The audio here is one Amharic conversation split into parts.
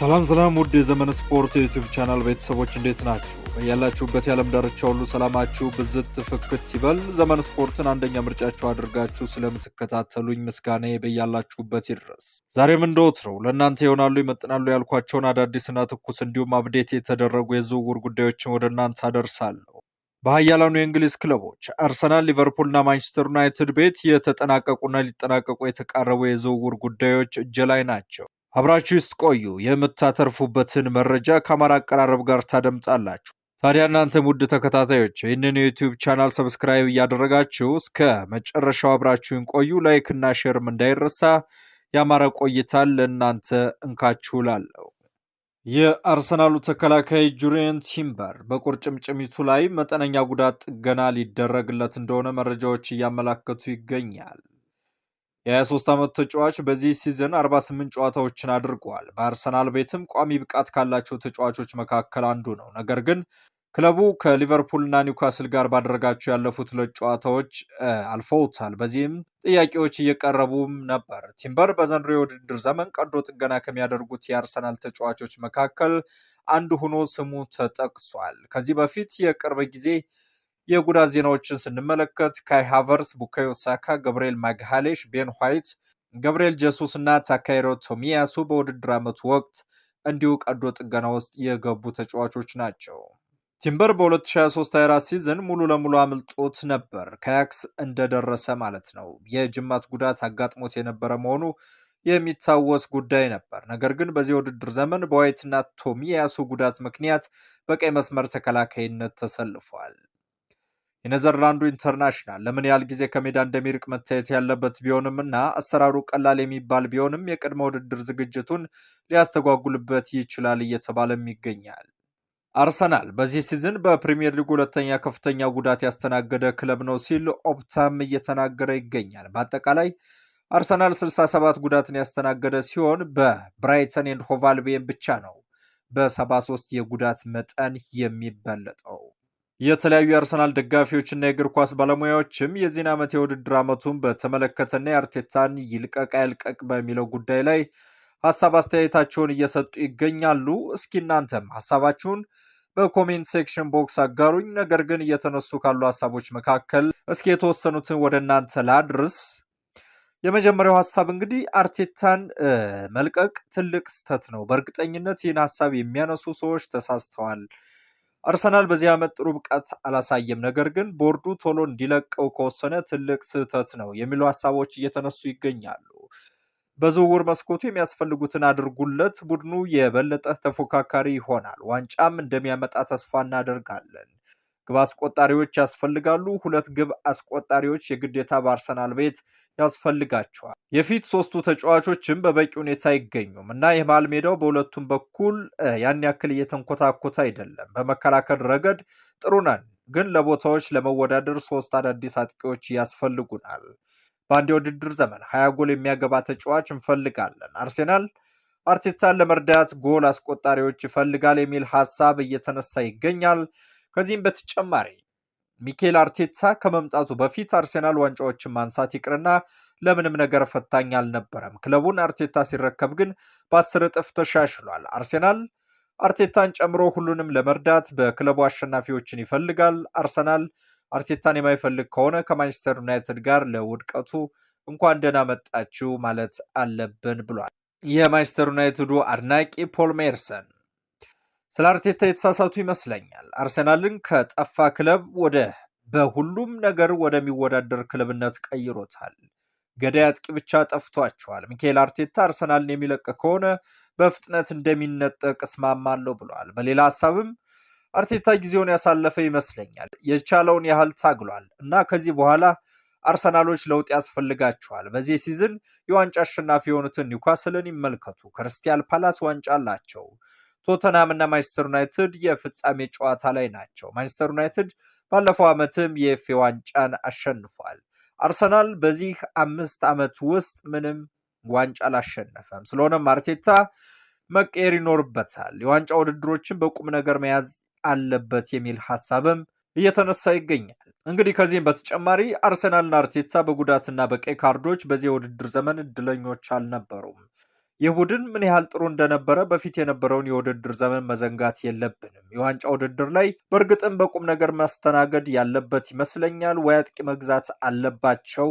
ሰላም ሰላም ውድ የዘመን ስፖርት የዩቲዩብ ቻናል ቤተሰቦች እንዴት ናችሁ? ያላችሁበት የዓለም ዳርቻ ሁሉ ሰላማችሁ ብዝት ፍክት ይበል። ዘመን ስፖርትን አንደኛ ምርጫችሁ አድርጋችሁ ስለምትከታተሉኝ ምስጋና በያላችሁበት ይድረስ። ዛሬም እንደወትሮው ለእናንተ ይሆናሉ ይመጥናሉ ያልኳቸውን አዳዲስና ትኩስ እንዲሁም አብዴት የተደረጉ የዝውውር ጉዳዮችን ወደ እናንተ አደርሳለሁ። በሀያላኑ የእንግሊዝ ክለቦች አርሰናል፣ ሊቨርፑልና ማንቸስተር ዩናይትድ ቤት የተጠናቀቁና ሊጠናቀቁ የተቃረቡ የዝውውር ጉዳዮች እጅ ላይ ናቸው። አብራችሁ ስትቆዩ የምታተርፉበትን መረጃ ከአማራ አቀራረብ ጋር ታደምጣላችሁ። ታዲያ እናንተ ውድ ተከታታዮች ይህንን የዩቲዩብ ቻናል ሰብስክራይብ እያደረጋችሁ እስከ መጨረሻው አብራችሁን ቆዩ። ላይክና ሼርም እንዳይረሳ። የአማራ ቆይታል ለእናንተ እንካችሁላለሁ። የአርሰናሉ ተከላካይ ጁሪየን ቲምበር በቁርጭምጭሚቱ ላይ መጠነኛ ጉዳት ጥገና ሊደረግለት እንደሆነ መረጃዎች እያመላከቱ ይገኛል። የ23 ዓመት ተጫዋች በዚህ ሲዝን 48 ጨዋታዎችን አድርጓል። በአርሰናል ቤትም ቋሚ ብቃት ካላቸው ተጫዋቾች መካከል አንዱ ነው። ነገር ግን ክለቡ ከሊቨርፑልና ኒውካስል ጋር ባደረጋቸው ያለፉት ሁለት ጨዋታዎች አልፈውታል። በዚህም ጥያቄዎች እየቀረቡም ነበር። ቲምበር በዘንድሮ የውድድር ዘመን ቀዶ ጥገና ከሚያደርጉት የአርሰናል ተጫዋቾች መካከል አንዱ ሆኖ ስሙ ተጠቅሷል። ከዚህ በፊት የቅርብ ጊዜ የጉዳት ዜናዎችን ስንመለከት ካይ ሃቨርስ፣ ቡካዮ ሳካ፣ ገብርኤል ማግሃሌሽ፣ ቤን ዋይት፣ ገብርኤል ጀሱስ እና ታካይሮ ቶሚያሱ በውድድር ዓመቱ ወቅት እንዲሁ ቀዶ ጥገና ውስጥ የገቡ ተጫዋቾች ናቸው። ቲምበር በ2023/24 ሲዝን ሙሉ ለሙሉ አምልጦት ነበር፣ ከያክስ እንደደረሰ ማለት ነው። የጅማት ጉዳት አጋጥሞት የነበረ መሆኑ የሚታወስ ጉዳይ ነበር። ነገር ግን በዚህ የውድድር ዘመን በዋይትና ቶሚያሱ ጉዳት ምክንያት በቀይ መስመር ተከላካይነት ተሰልፏል። የኔዘርላንዱ ኢንተርናሽናል ለምን ያህል ጊዜ ከሜዳ እንደሚርቅ መታየት ያለበት ቢሆንም እና አሰራሩ ቀላል የሚባል ቢሆንም የቅድመ ውድድር ዝግጅቱን ሊያስተጓጉልበት ይችላል እየተባለም ይገኛል። አርሰናል በዚህ ሲዝን በፕሪምየር ሊግ ሁለተኛ ከፍተኛ ጉዳት ያስተናገደ ክለብ ነው ሲል ኦፕታም እየተናገረ ይገኛል። በአጠቃላይ አርሰናል 67 ጉዳትን ያስተናገደ ሲሆን በብራይተን ኤንድ ሆቫልቤን ብቻ ነው በ73 የጉዳት መጠን የሚበለጠው። የተለያዩ የአርሰናል ደጋፊዎችና የእግር ኳስ ባለሙያዎችም የዚህን ዓመት የውድድር ዓመቱን በተመለከተና የአርቴታን ይልቀቅ አይልቀቅ በሚለው ጉዳይ ላይ ሀሳብ አስተያየታቸውን እየሰጡ ይገኛሉ። እስኪ እናንተም ሀሳባችሁን በኮሜንት ሴክሽን ቦክስ አጋሩኝ። ነገር ግን እየተነሱ ካሉ ሀሳቦች መካከል እስኪ የተወሰኑትን ወደ እናንተ ላድርስ። የመጀመሪያው ሀሳብ እንግዲህ አርቴታን መልቀቅ ትልቅ ስህተት ነው። በእርግጠኝነት ይህን ሀሳብ የሚያነሱ ሰዎች ተሳስተዋል። አርሰናል በዚህ ዓመት ጥሩ ብቃት አላሳየም፣ ነገር ግን ቦርዱ ቶሎ እንዲለቀው ከወሰነ ትልቅ ስህተት ነው የሚሉ ሀሳቦች እየተነሱ ይገኛሉ። በዝውውር መስኮቱ የሚያስፈልጉትን አድርጉለት፣ ቡድኑ የበለጠ ተፎካካሪ ይሆናል፣ ዋንጫም እንደሚያመጣ ተስፋ እናደርጋለን። ግብ አስቆጣሪዎች ያስፈልጋሉ። ሁለት ግብ አስቆጣሪዎች የግዴታ በአርሰናል ቤት ያስፈልጋቸዋል። የፊት ሶስቱ ተጫዋቾችም በበቂ ሁኔታ አይገኙም እና የመሃል ሜዳው በሁለቱም በኩል ያን ያክል እየተንኮታኮተ አይደለም። በመከላከል ረገድ ጥሩ ነን፣ ግን ለቦታዎች ለመወዳደር ሶስት አዳዲስ አጥቂዎች ያስፈልጉናል። በአንድ የውድድር ዘመን ሀያ ጎል የሚያገባ ተጫዋች እንፈልጋለን። አርሴናል አርቴታን ለመርዳት ጎል አስቆጣሪዎች ይፈልጋል የሚል ሀሳብ እየተነሳ ይገኛል። ከዚህም በተጨማሪ ሚኬል አርቴታ ከመምጣቱ በፊት አርሴናል ዋንጫዎችን ማንሳት ይቅርና ለምንም ነገር ፈታኝ አልነበረም። ክለቡን አርቴታ ሲረከብ ግን በአስር እጥፍ ተሻሽሏል። አርሴናል አርቴታን ጨምሮ ሁሉንም ለመርዳት በክለቡ አሸናፊዎችን ይፈልጋል። አርሰናል አርቴታን የማይፈልግ ከሆነ ከማንቸስተር ዩናይትድ ጋር ለውድቀቱ እንኳን ደህና መጣችሁ ማለት አለብን ብሏል። የማንቸስተር ዩናይትዱ አድናቂ ፖል ሜርሰን ስለ አርቴታ የተሳሳቱ ይመስለኛል። አርሰናልን ከጠፋ ክለብ ወደ በሁሉም ነገር ወደሚወዳደር ክለብነት ቀይሮታል። ገዳይ አጥቂ ብቻ ጠፍቷቸዋል። ሚካኤል አርቴታ አርሰናልን የሚለቅ ከሆነ በፍጥነት እንደሚነጠቅ እስማማለሁ ብለዋል። በሌላ ሀሳብም አርቴታ ጊዜውን ያሳለፈ ይመስለኛል። የቻለውን ያህል ታግሏል እና ከዚህ በኋላ አርሰናሎች ለውጥ ያስፈልጋቸዋል። በዚህ ሲዝን የዋንጫ አሸናፊ የሆኑትን ኒውካስልን ይመልከቱ። ክርስቲያል ፓላስ ዋንጫ አላቸው። ቶተናም እና ማንቸስተር ዩናይትድ የፍጻሜ ጨዋታ ላይ ናቸው። ማንቸስተር ዩናይትድ ባለፈው ዓመትም የፌ ዋንጫን አሸንፏል። አርሰናል በዚህ አምስት ዓመት ውስጥ ምንም ዋንጫ አላሸነፈም። ስለሆነም አርቴታ መቀየር ይኖርበታል፣ የዋንጫ ውድድሮችን በቁም ነገር መያዝ አለበት የሚል ሀሳብም እየተነሳ ይገኛል። እንግዲህ ከዚህም በተጨማሪ አርሰናልና አርቴታ በጉዳትና በቀይ ካርዶች በዚህ የውድድር ዘመን እድለኞች አልነበሩም። ይህ ቡድን ምን ያህል ጥሩ እንደነበረ በፊት የነበረውን የውድድር ዘመን መዘንጋት የለብንም። የዋንጫ ውድድር ላይ በእርግጥም በቁም ነገር ማስተናገድ ያለበት ይመስለኛል። ወይ አጥቂ መግዛት አለባቸው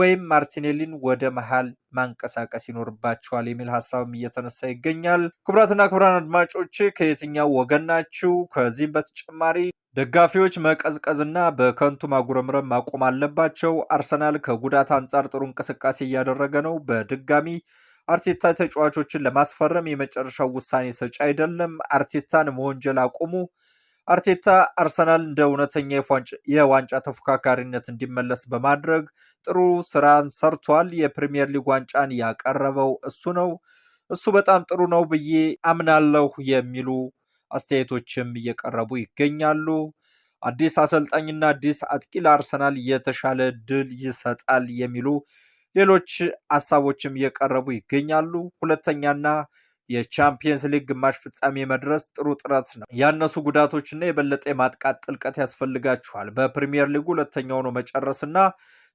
ወይም ማርቲኔሊን ወደ መሃል ማንቀሳቀስ ይኖርባቸዋል የሚል ሀሳብም እየተነሳ ይገኛል። ክቡራትና ክቡራን አድማጮች ከየትኛው ወገን ናችሁ? ከዚህም በተጨማሪ ደጋፊዎች መቀዝቀዝና በከንቱ ማጉረምረም ማቆም አለባቸው። አርሰናል ከጉዳት አንጻር ጥሩ እንቅስቃሴ እያደረገ ነው። በድጋሚ አርቴታ ተጫዋቾችን ለማስፈረም የመጨረሻው ውሳኔ ሰጪ አይደለም። አርቴታን መወንጀል አቁሙ። አርቴታ አርሰናል እንደ እውነተኛ የዋንጫ ተፎካካሪነት እንዲመለስ በማድረግ ጥሩ ስራን ሰርቷል። የፕሪምየር ሊግ ዋንጫን ያቀረበው እሱ ነው። እሱ በጣም ጥሩ ነው ብዬ አምናለሁ የሚሉ አስተያየቶችም እየቀረቡ ይገኛሉ። አዲስ አሰልጣኝና አዲስ አጥቂ ለአርሰናል የተሻለ ድል ይሰጣል የሚሉ ሌሎች ሀሳቦችም እየቀረቡ ይገኛሉ። ሁለተኛና የቻምፒየንስ ሊግ ግማሽ ፍጻሜ መድረስ ጥሩ ጥረት ነው። ያነሱ ጉዳቶችና የበለጠ የማጥቃት ጥልቀት ያስፈልጋችኋል። በፕሪሚየር ሊጉ ሁለተኛ ሆኖ መጨረስና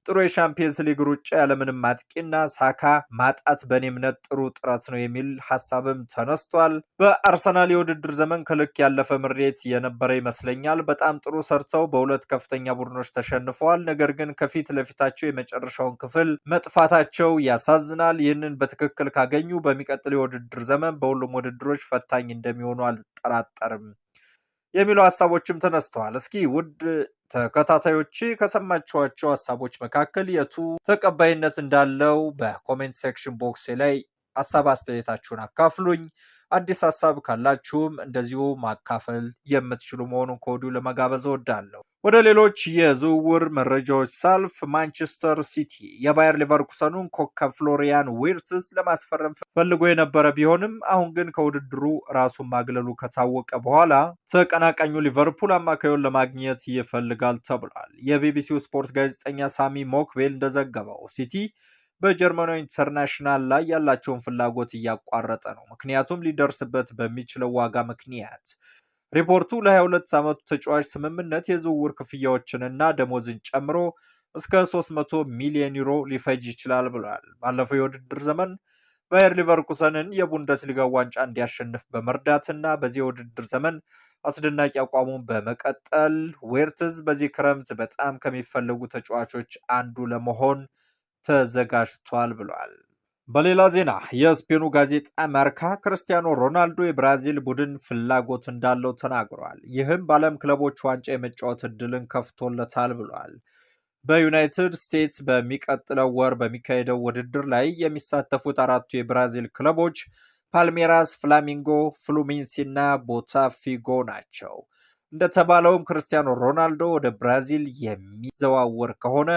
ጥሩ የሻምፒየንስ ሊግ ሩጫ ያለምንም አጥቂና ሳካ ማጣት በእኔ እምነት ጥሩ ጥረት ነው የሚል ሀሳብም ተነስቷል። በአርሰናል የውድድር ዘመን ከልክ ያለፈ ምሬት የነበረ ይመስለኛል። በጣም ጥሩ ሰርተው በሁለት ከፍተኛ ቡድኖች ተሸንፈዋል። ነገር ግን ከፊት ለፊታቸው የመጨረሻውን ክፍል መጥፋታቸው ያሳዝናል። ይህንን በትክክል ካገኙ በሚቀጥል የውድድር ዘመን በሁሉም ውድድሮች ፈታኝ እንደሚሆኑ አልጠራጠርም የሚሉ ሀሳቦችም ተነስተዋል። እስኪ ውድ ተከታታዮች ከሰማችኋቸው ሀሳቦች መካከል የቱ ተቀባይነት እንዳለው በኮሜንት ሴክሽን ቦክስ ላይ ሀሳብ አስተያየታችሁን አካፍሉኝ። አዲስ ሀሳብ ካላችሁም እንደዚሁ ማካፈል የምትችሉ መሆኑን ከወዲሁ ለመጋበዝ እወዳለሁ። ወደ ሌሎች የዝውውር መረጃዎች ሳልፍ ማንቸስተር ሲቲ የባየር ሊቨርኩሰኑን ኮከብ ፍሎሪያን ዊርትስ ለማስፈረም ፈልጎ የነበረ ቢሆንም አሁን ግን ከውድድሩ ራሱን ማግለሉ ከታወቀ በኋላ ተቀናቃኙ ሊቨርፑል አማካዩን ለማግኘት ይፈልጋል ተብሏል። የቢቢሲው ስፖርት ጋዜጠኛ ሳሚ ሞክቤል እንደዘገበው ሲቲ በጀርመናዊ ኢንተርናሽናል ላይ ያላቸውን ፍላጎት እያቋረጠ ነው። ምክንያቱም ሊደርስበት በሚችለው ዋጋ ምክንያት ሪፖርቱ ለ22 ዓመቱ ተጫዋች ስምምነት የዝውውር ክፍያዎችንና ደሞዝን ጨምሮ እስከ 300 ሚሊዮን ዩሮ ሊፈጅ ይችላል ብሏል። ባለፈው የውድድር ዘመን ባየር ሊቨርኩሰንን የቡንደስሊጋ ዋንጫ እንዲያሸንፍ በመርዳትና በዚህ የውድድር ዘመን አስደናቂ አቋሙን በመቀጠል ዌርትዝ በዚህ ክረምት በጣም ከሚፈለጉ ተጫዋቾች አንዱ ለመሆን ተዘጋጅቷል ብሏል። በሌላ ዜና የስፔኑ ጋዜጣ መርካ ክርስቲያኖ ሮናልዶ የብራዚል ቡድን ፍላጎት እንዳለው ተናግሯል። ይህም በዓለም ክለቦች ዋንጫ የመጫወት እድልን ከፍቶለታል ብሏል። በዩናይትድ ስቴትስ በሚቀጥለው ወር በሚካሄደው ውድድር ላይ የሚሳተፉት አራቱ የብራዚል ክለቦች ፓልሜራስ፣ ፍላሚንጎ፣ ፍሉሚንሲ እና ቦታፊጎ ናቸው። እንደተባለውም ክርስቲያኖ ሮናልዶ ወደ ብራዚል የሚዘዋወር ከሆነ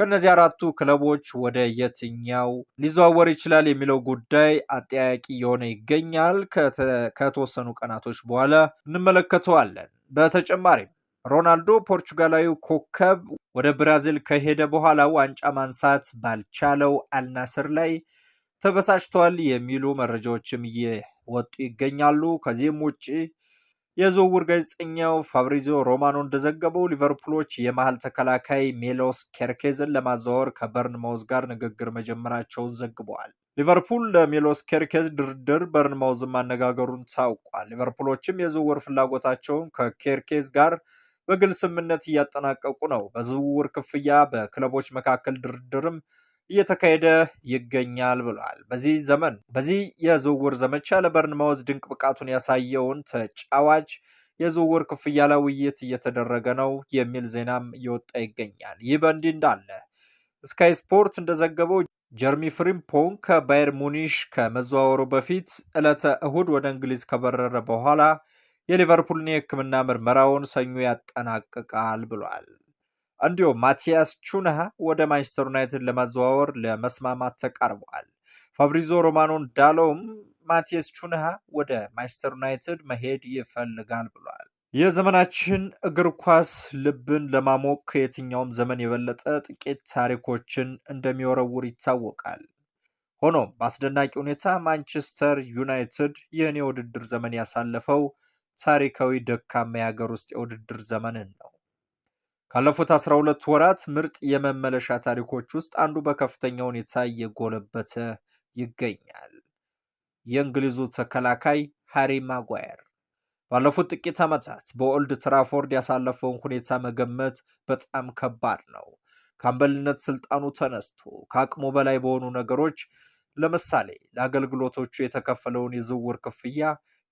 ከእነዚህ አራቱ ክለቦች ወደ የትኛው ሊዘዋወር ይችላል የሚለው ጉዳይ አጠያቂ የሆነ ይገኛል። ከተወሰኑ ቀናቶች በኋላ እንመለከተዋለን። በተጨማሪም ሮናልዶ ፖርቹጋላዊ ኮከብ ወደ ብራዚል ከሄደ በኋላ ዋንጫ ማንሳት ባልቻለው አልናስር ላይ ተበሳጭቷል የሚሉ መረጃዎችም እየወጡ ይገኛሉ። ከዚህም ውጭ የዝውውር ጋዜጠኛው ፋብሪዚዮ ሮማኖ እንደዘገበው ሊቨርፑሎች የመሃል ተከላካይ ሜሎስ ኬርኬዝን ለማዘዋወር ከበርንማውዝ ጋር ንግግር መጀመራቸውን ዘግበዋል። ሊቨርፑል ለሜሎስ ኬርኬዝ ድርድር በርንማውዝን ማነጋገሩን ታውቋል። ሊቨርፑሎችም የዝውውር ፍላጎታቸውን ከኬርኬዝ ጋር በግል ስምምነት እያጠናቀቁ ነው። በዝውውር ክፍያ በክለቦች መካከል ድርድርም እየተካሄደ ይገኛል ብሏል። በዚህ ዘመን በዚህ የዝውውር ዘመቻ ለበርንማውዝ ድንቅ ብቃቱን ያሳየውን ተጫዋች የዝውውር ክፍያ ላይ ውይይት እየተደረገ ነው የሚል ዜናም እየወጣ ይገኛል። ይህ በእንዲህ እንዳለ ስካይ ስፖርት እንደዘገበው ጀርሚ ፍሪምፖን ከባየር ሙኒሽ ከመዘዋወሩ በፊት ዕለተ እሁድ ወደ እንግሊዝ ከበረረ በኋላ የሊቨርፑልን የሕክምና ምርመራውን ሰኞ ያጠናቅቃል ብሏል። እንዲሁም ማቲያስ ቹንሃ ወደ ማንቸስተር ዩናይትድ ለማዘዋወር ለመስማማት ተቃርበዋል። ፋብሪዞ ሮማኖ እንዳለውም ማቲያስ ቹንሃ ወደ ማንቸስተር ዩናይትድ መሄድ ይፈልጋል ብሏል። የዘመናችን እግር ኳስ ልብን ለማሞቅ ከየትኛውም ዘመን የበለጠ ጥቂት ታሪኮችን እንደሚወረውር ይታወቃል። ሆኖም በአስደናቂ ሁኔታ ማንቸስተር ዩናይትድ ይህን የውድድር ዘመን ያሳለፈው ታሪካዊ ደካማ የሀገር ውስጥ የውድድር ዘመንን ነው። ካለፉት 12 ወራት ምርጥ የመመለሻ ታሪኮች ውስጥ አንዱ በከፍተኛ ሁኔታ እየጎለበተ ይገኛል። የእንግሊዙ ተከላካይ ሃሪ ማጓየር ባለፉት ጥቂት ዓመታት በኦልድ ትራፎርድ ያሳለፈውን ሁኔታ መገመት በጣም ከባድ ነው። ከአምበልነት ስልጣኑ ተነስቶ ከአቅሙ በላይ በሆኑ ነገሮች ለምሳሌ ለአገልግሎቶቹ የተከፈለውን የዝውውር ክፍያ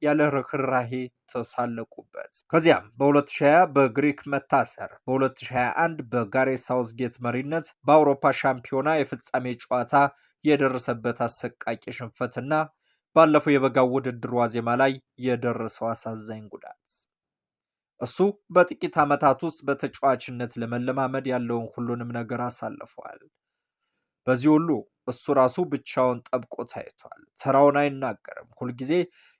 ያለ ርኅራሄ ተሳለቁበት። ከዚያም በ2020 በግሪክ መታሰር፣ በ2021 በጋሬ ሳውዝጌት መሪነት በአውሮፓ ሻምፒዮና የፍጻሜ ጨዋታ የደረሰበት አሰቃቂ ሽንፈትና ባለፈው የበጋው ውድድር ዋዜማ ላይ የደረሰው አሳዛኝ ጉዳት እሱ በጥቂት ዓመታት ውስጥ በተጫዋችነት ለመለማመድ ያለውን ሁሉንም ነገር አሳልፈዋል። በዚህ ሁሉ እሱ ራሱ ብቻውን ጠብቆ ታይቷል። ተራውን አይናገርም። ሁልጊዜ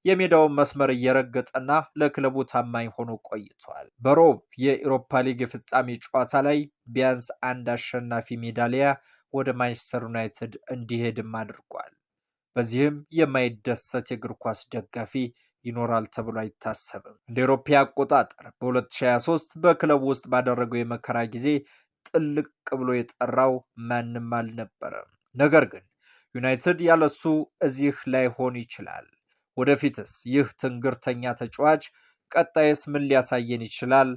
የሜዳውን መስመር እየረገጠና ለክለቡ ታማኝ ሆኖ ቆይቷል። በሮብ የኢሮፓ ሊግ የፍጻሜ ጨዋታ ላይ ቢያንስ አንድ አሸናፊ ሜዳሊያ ወደ ማንቸስተር ዩናይትድ እንዲሄድም አድርጓል። በዚህም የማይደሰት የእግር ኳስ ደጋፊ ይኖራል ተብሎ አይታሰብም። እንደ ኤሮፓ አቆጣጠር በ2023 በክለቡ ውስጥ ባደረገው የመከራ ጊዜ ጥልቅ ብሎ የጠራው ማንም አልነበረም። ነገር ግን ዩናይትድ ያለሱ እዚህ ላይሆን ይችላል። ወደፊትስ ይህ ትንግርተኛ ተጫዋች ቀጣይስ ምን ሊያሳየን ይችላል?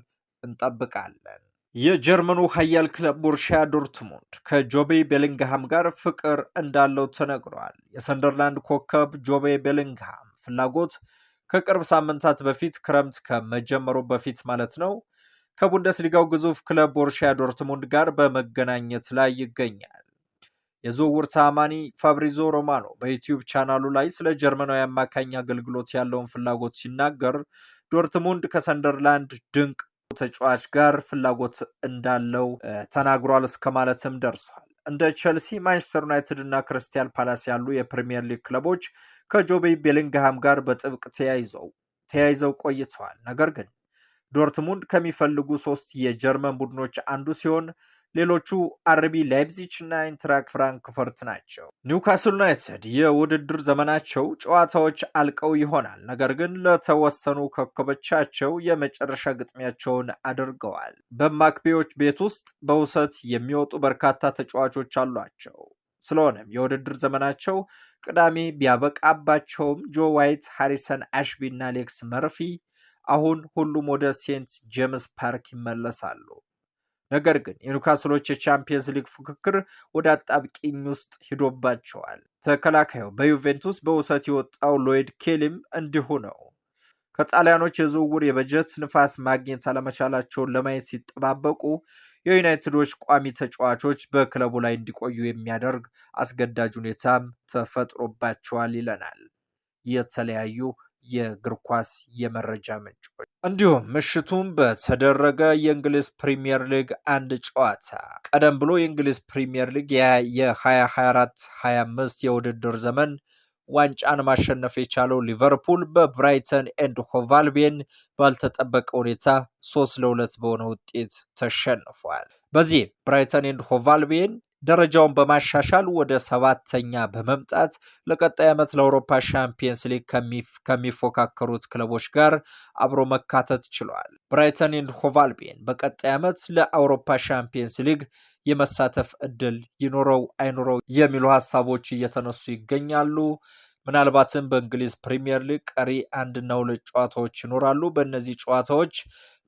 እንጠብቃለን። የጀርመኑ ኃያል ክለብ ቦሩሲያ ዶርትሙንድ ከጆቤ ቤሊንግሃም ጋር ፍቅር እንዳለው ተነግሯል። የሰንደርላንድ ኮከብ ጆቤ ቤሊንግሃም ፍላጎት ከቅርብ ሳምንታት በፊት ክረምት ከመጀመሩ በፊት ማለት ነው ከቡንደስሊጋው ግዙፍ ክለብ ቦርሺያ ዶርትሙንድ ጋር በመገናኘት ላይ ይገኛል። የዝውውር ታማኒ ፋብሪዞ ሮማኖ በዩቲዩብ ቻናሉ ላይ ስለ ጀርመናዊ አማካኝ አገልግሎት ያለውን ፍላጎት ሲናገር ዶርትሙንድ ከሰንደርላንድ ድንቅ ተጫዋች ጋር ፍላጎት እንዳለው ተናግሯል እስከ ማለትም ደርሷል። እንደ ቸልሲ፣ ማንቸስተር ዩናይትድ እና ክርስቲያን ፓላስ ያሉ የፕሪምየር ሊግ ክለቦች ከጆቤ ቤሊንግሃም ጋር በጥብቅ ተያይዘው ተያይዘው ቆይተዋል። ነገር ግን ዶርትሙንድ ከሚፈልጉ ሶስት የጀርመን ቡድኖች አንዱ ሲሆን ሌሎቹ አርቢ ላይፕዚች እና ኢንትራክ ፍራንክፈርት ናቸው። ኒውካስል ዩናይትድ የውድድር ዘመናቸው ጨዋታዎች አልቀው ይሆናል፣ ነገር ግን ለተወሰኑ ኮከቦቻቸው የመጨረሻ ግጥሚያቸውን አድርገዋል። በማክቤዎች ቤት ውስጥ በውሰት የሚወጡ በርካታ ተጫዋቾች አሏቸው። ስለሆነም የውድድር ዘመናቸው ቅዳሜ ቢያበቃባቸውም ጆ ዋይት፣ ሃሪሰን አሽቢ እና ሌክስ መርፊ አሁን ሁሉም ወደ ሴንት ጄምስ ፓርክ ይመለሳሉ። ነገር ግን የኒውካስሎች የቻምፒየንስ ሊግ ፉክክር ወደ አጣብቂኝ ውስጥ ሂዶባቸዋል። ተከላካዩ በዩቬንቱስ በውሰት የወጣው ሎይድ ኬሊም እንዲሁ ነው። ከጣሊያኖች የዝውውር የበጀት ንፋስ ማግኘት አለመቻላቸውን ለማየት ሲጠባበቁ የዩናይትዶች ቋሚ ተጫዋቾች በክለቡ ላይ እንዲቆዩ የሚያደርግ አስገዳጅ ሁኔታም ተፈጥሮባቸዋል ይለናል የተለያዩ የእግር ኳስ የመረጃ ምንጮች እንዲሁም ምሽቱን በተደረገ የእንግሊዝ ፕሪምየር ሊግ አንድ ጨዋታ ቀደም ብሎ የእንግሊዝ ፕሪምየር ሊግ የ2024/25 የውድድር ዘመን ዋንጫን ማሸነፍ የቻለው ሊቨርፑል በብራይተን ኤንድ ሆቫልቤን ባልተጠበቀ ሁኔታ ሶስት ለሁለት በሆነ ውጤት ተሸንፏል። በዚህ ብራይተን ኤንድ ሆቫልቤን ደረጃውን በማሻሻል ወደ ሰባተኛ በመምጣት ለቀጣይ ዓመት ለአውሮፓ ሻምፒየንስ ሊግ ከሚፎካከሩት ክለቦች ጋር አብሮ መካተት ችሏል። ብራይተን ኤንድ ሆቫልቤን በቀጣይ ዓመት ለአውሮፓ ሻምፒየንስ ሊግ የመሳተፍ እድል ይኖረው አይኖረው የሚሉ ሀሳቦች እየተነሱ ይገኛሉ። ምናልባትም በእንግሊዝ ፕሪምየር ሊግ ቀሪ አንድና ሁለት ጨዋታዎች ይኖራሉ። በእነዚህ ጨዋታዎች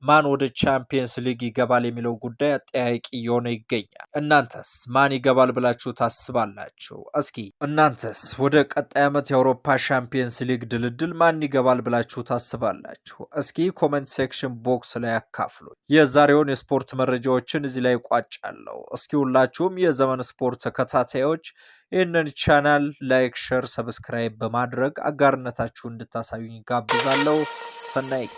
ማን ወደ ቻምፒየንስ ሊግ ይገባል የሚለው ጉዳይ አጠያቂ የሆነ ይገኛል። እናንተስ ማን ይገባል ብላችሁ ታስባላችሁ? እስኪ እናንተስ ወደ ቀጣይ ዓመት የአውሮፓ ቻምፒየንስ ሊግ ድልድል ማን ይገባል ብላችሁ ታስባላችሁ? እስኪ ኮመንት ሴክሽን ቦክስ ላይ አካፍሉ የዛሬውን የስፖርት መረጃዎችን እዚህ ላይ ቋጫለሁ። እስኪ ሁላችሁም የዘመን ስፖርት ተከታታዮች ይህንን ቻናል ላይክ፣ ሸር፣ ሰብስክራይብ በማድረግ አጋርነታችሁ እንድታሳዩኝ ጋብዛለሁ። ሰናይ